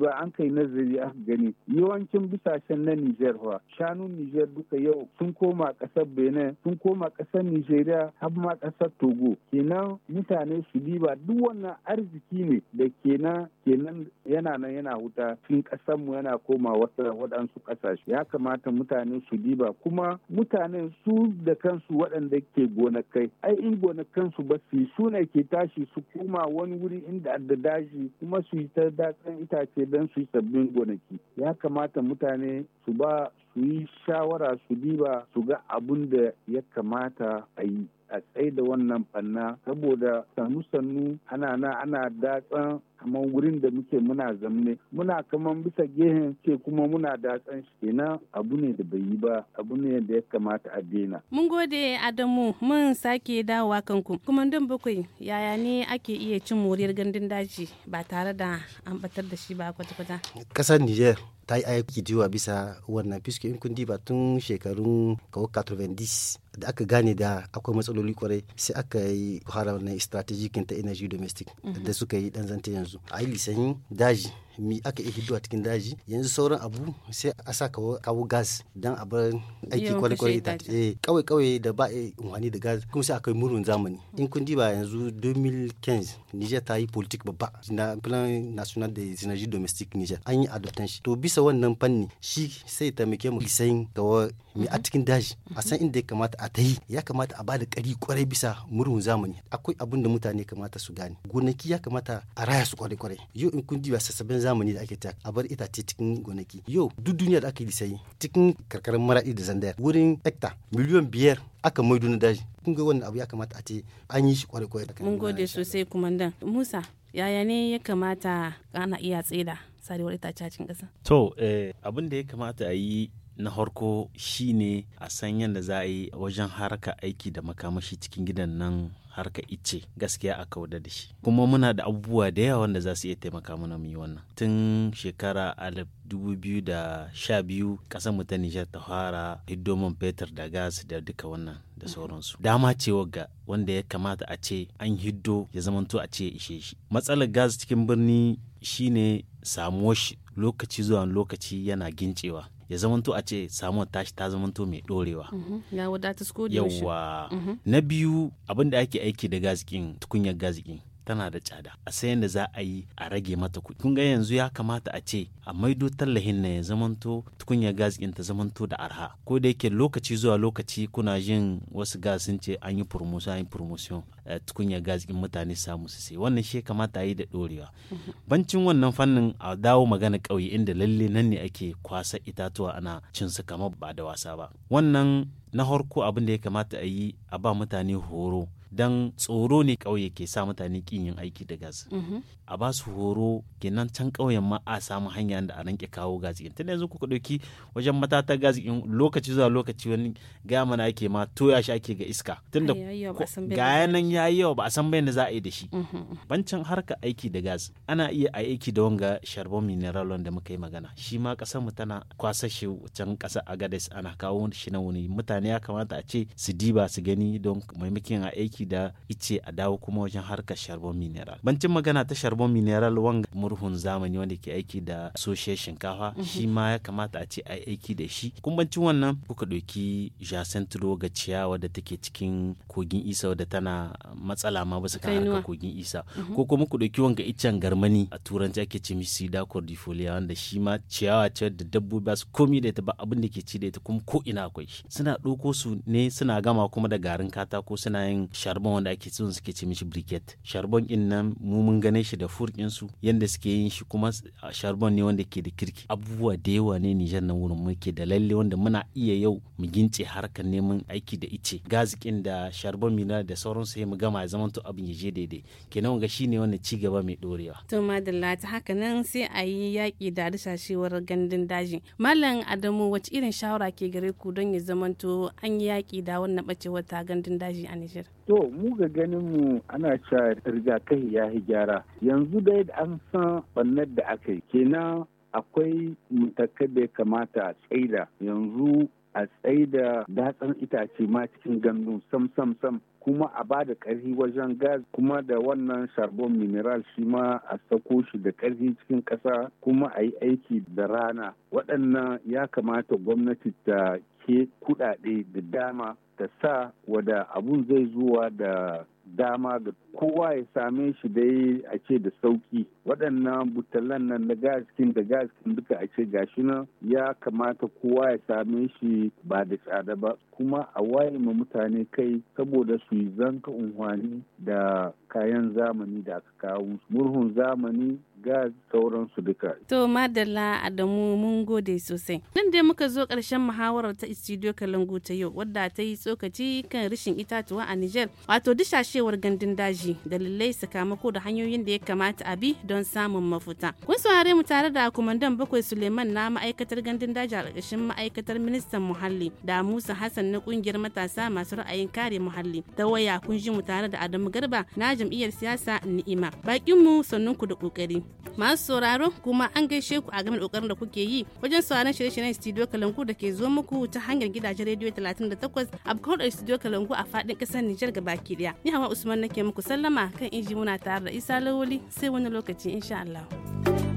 ba an kai nazari aka gani yawancin bisashen na Nijar fa shanun Nijar duka yau sun koma ƙasar Benin sun koma ƙasar Nijeriya har ma ƙasar Togo. Kenan mutane su diba duk wannan arziki ne da kenan kenan yana nan yana huta cikin ƙasar mu yana koma wasu waɗansu ƙasashe. Ya kamata mutane su diba kuma mutane su da kansu waɗanda ke gonakai. Ai in gonakansu ba su su ne ke tashi su koma wani wuri inda da daji kuma su yi ta datsan itace don su yi sabbin gonaki. Ya kamata mutane su ba su yi shawara su diba su ga abun da ya kamata a yi a tsaye da wannan banna saboda sannu sannu ana na ana datsan kamar wurin da muke muna zamne muna kaman bisa gehen ce kuma muna datsan shi kenan abu ne da bai yi ba abu ne da ya kamata a daina. mun gode adamu mun sake dawowa kanku kuma don bakwai yaya ne ake iya cin moriyar gandun daji ba tare da an batar da shi ba kwata-kwata. kasar niger ta yi aiki diwa bisa wannan fiske in kun diba tun shekarun kawo 90 da aka gane da akwai matsaloli kwarai sai aka yi fara wannan strategic ta energy domestic mhm. da suka yi dan zanta yanzu a yi lisanin daji mi aka yi hidu a cikin daji yanzu sauran abu sai a sa kawo kawo gas don a bar aiki kwarai kwarai ita eh kawai kawai da ba a unhani da gas kuma sai yi murun zamani mhm. in kun diba yanzu 2015 Niger ta yi politik babba na plan national de energy domestique Niger an yi adoptan shi to bisa wannan fanni shi sai taimake mu lisanin kawo mi a mhm. cikin daji a san inda ya kamata a ta yi ya kamata a bada kari kwarai bisa murhun zamani akwai abin da mutane kamata su gane gonaki ya kamata a raya su kwarai kwarai yau in kun jiba sassaben zamani da ake ta a bar ce cikin gonaki yau duk duniya da ake sayi. cikin karkarar maradi da zandaya wurin hekta miliyan biyar aka maido na daji kun ga wannan abu ya kamata a ce an yi shi kwarai kwarai mun gode sosai kumandan musa yaya ne ya kamata ana iya tseda sarewar itace cikin ƙasa to eh, abin da ya kamata a yi na harko shine a san yadda za a yi wajen harka aiki da makamashi cikin gidan nan harka ice gaskiya a kauda da shi kuma muna da abubuwa da yawa wanda za su iya taimaka mana mu yi wannan tun shekara alif dubu biyu sha biyu ƙasar mu ta nijar ta fara hiddoman fetur da gas da duka wannan da mhm. sauransu dama ce ga wanda ya kamata a ce an hiddo ya zamanto a ce ya ishe shi matsalar gas cikin birni shine samuwar shi lokaci zuwa lokaci yana gincewa ya zamanto a ce samuwar tashi ta zamanto mai dorewa. Mm-hmm. Ya wadata Yawwa. Mm-hmm. Na biyu abinda ake aiki da gazikin tukunyar gazikin tana da tsada a sayan da za a yi a rage mata kuɗi kun ga yanzu ya kamata a ce a maido tallahin na ya zamanto tukunya gas ɗin ta zamanto da arha ko da yake lokaci zuwa lokaci kuna jin wasu gas sun ce an yi promotion an yi promotion eh, tukunya gas ɗin mutane samu su sai wannan shi kamata a yi da ɗorewa bancin wannan fannin a dawo magana ƙauye inda lalle nan ne ake kwasa itatuwa ana cin su kamar ba da wasa ba wannan na harko abin da ya kamata a yi a ba mutane horo don tsoro ne kauye ke sa mutane kin yin aiki da gas mhm. a ba su horo kenan can kauyen ma a samu hanya da a ranke kawo gas ɗin tun yanzu kuka ɗauki wajen matata gas ɗin lokaci zuwa lokaci wani gaya mana ake ma toya shi ake ga iska tunda ga yanan ya yi yawa ba a san bayan da za a yi da shi mhm. bancin harka aiki da gas ana iya a aiki da wanga sharbon mineral da muka yi magana shi ma ƙasar mu tana kwasa shi can ƙasar agades ana kawo shi na wani mutane ya kamata a ce su diba su gani don maimakin a aiki aiki da ice a dawo kuma wajen harkar sharbon mineral bancin magana ta sharbon mineral wanga murhun zamani wanda ke aiki da soshe shinkafa mhm. shi ma ya kamata a ce a aiki da shi kumbancin wannan kuka ɗauki jasen tulo ga ciyawa da take cikin kogin isa da tana matsala ma su kan harkar kogin isa mhm. ko kuma ku ɗauki wanga iccen garmani a turanci ake ce mishi da cordifolia wanda shi ma ciyawa ce da dabbobi ba su komi da ita ba abin da ke ci da ita kuma ko ina akwai suna ɗauko su ne suna gama kuma da garin katako suna yin sharbon wanda ake cin suke ce mishi briquette sharbon din nan mu mun gane shi da furkin su yanda suke yin shi kuma sharbon ah, ne wanda ke da kirki abubuwa da yawa ne Nijar nan wurin muke da lalle wanda muna iya yau mu gince harkar neman aiki da ice gazikin da sharbon mina da sauran sai mu gama zaman zamanto abin ya je daidai kenan ga shine wannan ci gaba mai dorewa to madalla ta haka nan sai a yi yaki da rishashewar gandun daji mallam Adamu wace irin shawara ke gare ku don ya zamanto an yi yaki da wannan bacewar ta gandun daji a Nijar to To mu ga ganin mu ana cewa rigakafi ya yi gyara yanzu dai da an san ɓannar da aka yi kenan akwai mutakai da ya kamata a tsaida yanzu a tsaida datsan itace ma cikin gandu sam sam sam kuma a ba da ƙarfi wajen gas kuma da wannan sharbon mineral shi ma a sako shi da ƙarfi cikin ƙasa kuma a yi aiki da rana waɗannan ya kamata gwamnati ta ke kuɗaɗe da dama da sa wada abun zai zuwa da dama ga kowa ya same shi da yi a ce da sauki waɗannan butalan nan na gaskin da gaskin duka a ce gashi nan ya kamata kowa ya same shi ba da tsada ba kuma a waye ma mutane kai saboda su yi zanka unhwani da kayan zamani da aka kawo murhun zamani gas sauransu duka. To madalla Adamu mun gode sosai. Nan dai muka zo karshen muhawarar ta Studio Kalangu ta yau wadda ta yi tsokaci kan rishin itatuwa a nijar wato dishashi. lalacewar gandun daji dalilai sakamako da hanyoyin da ya kamata a bi don samun mafuta kun saurare mu tare da kumandan bakwai suleiman na ma'aikatar gandun daji a ƙarƙashin ma'aikatar ministan muhalli da musa hassan na ƙungiyar matasa masu ra'ayin kare muhalli da waya kun ji mu tare da adamu garba na jam'iyyar siyasa ni'ima bakin mu sannun ku da ƙoƙari masu sauraro kuma an gaishe ku a game da ƙoƙarin da kuke yi wajen sauraron shirye-shiryen studio kalangu da ke zo muku ta hanyar gidajen rediyo 38 a bukawar studio kalangu a faɗin ƙasar Nijar gabaki ɗaya ni hawa Asma Usman nake muku sallama kan inji muna tare da Isa Lawoli sai wani lokaci insha Allah.